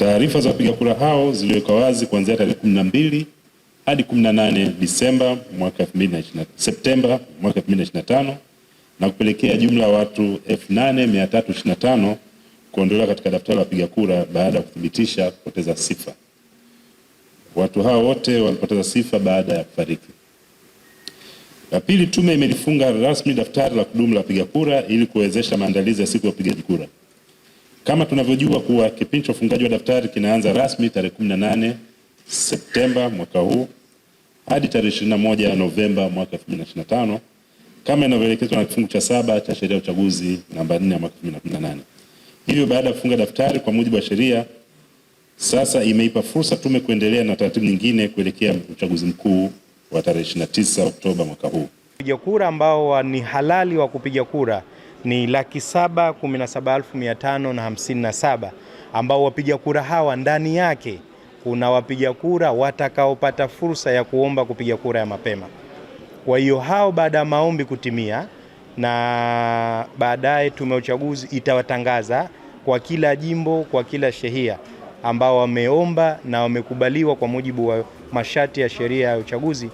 Taarifa za wapiga kura hao ziliwekwa wazi kuanzia tarehe 12 hadi 18 Disemba mwaka 2020, Septemba mwaka 2025 na kupelekea jumla ya watu 8325 kuondolewa katika daftari la wapiga kura baada ya kuthibitisha kupoteza sifa. Watu hao wote walipoteza sifa baada ya kufariki. La pili, tume imelifunga rasmi daftari la kudumu la wapiga kura ili kuwezesha maandalizi ya siku ya upigaji kura. Kama tunavyojua kuwa kipindi cha ufungaji wa daftari kinaanza rasmi tarehe 18 Septemba mwaka huu hadi tarehe 21 Novemba mwaka 2025 kama inavyoelekezwa na kifungu cha saba cha sheria ya uchaguzi namba 4 ya mwaka 2018. Hivyo baada ya kufunga daftari kwa mujibu wa sheria, sasa imeipa fursa tume kuendelea na taratibu nyingine kuelekea uchaguzi mkuu wa tarehe 29 Oktoba mwaka huu. Wapiga kura ambao ni halali wa kupiga kura ni laki saba kumi na saba elfu mia tano na hamsini na saba ambao wapiga kura hawa ndani yake kuna wapiga kura watakaopata fursa ya kuomba kupiga kura ya mapema. Kwa hiyo hao baada ya maombi kutimia, na baadaye tume ya uchaguzi itawatangaza kwa kila jimbo, kwa kila shehia ambao wameomba na wamekubaliwa kwa mujibu wa masharti ya sheria ya uchaguzi.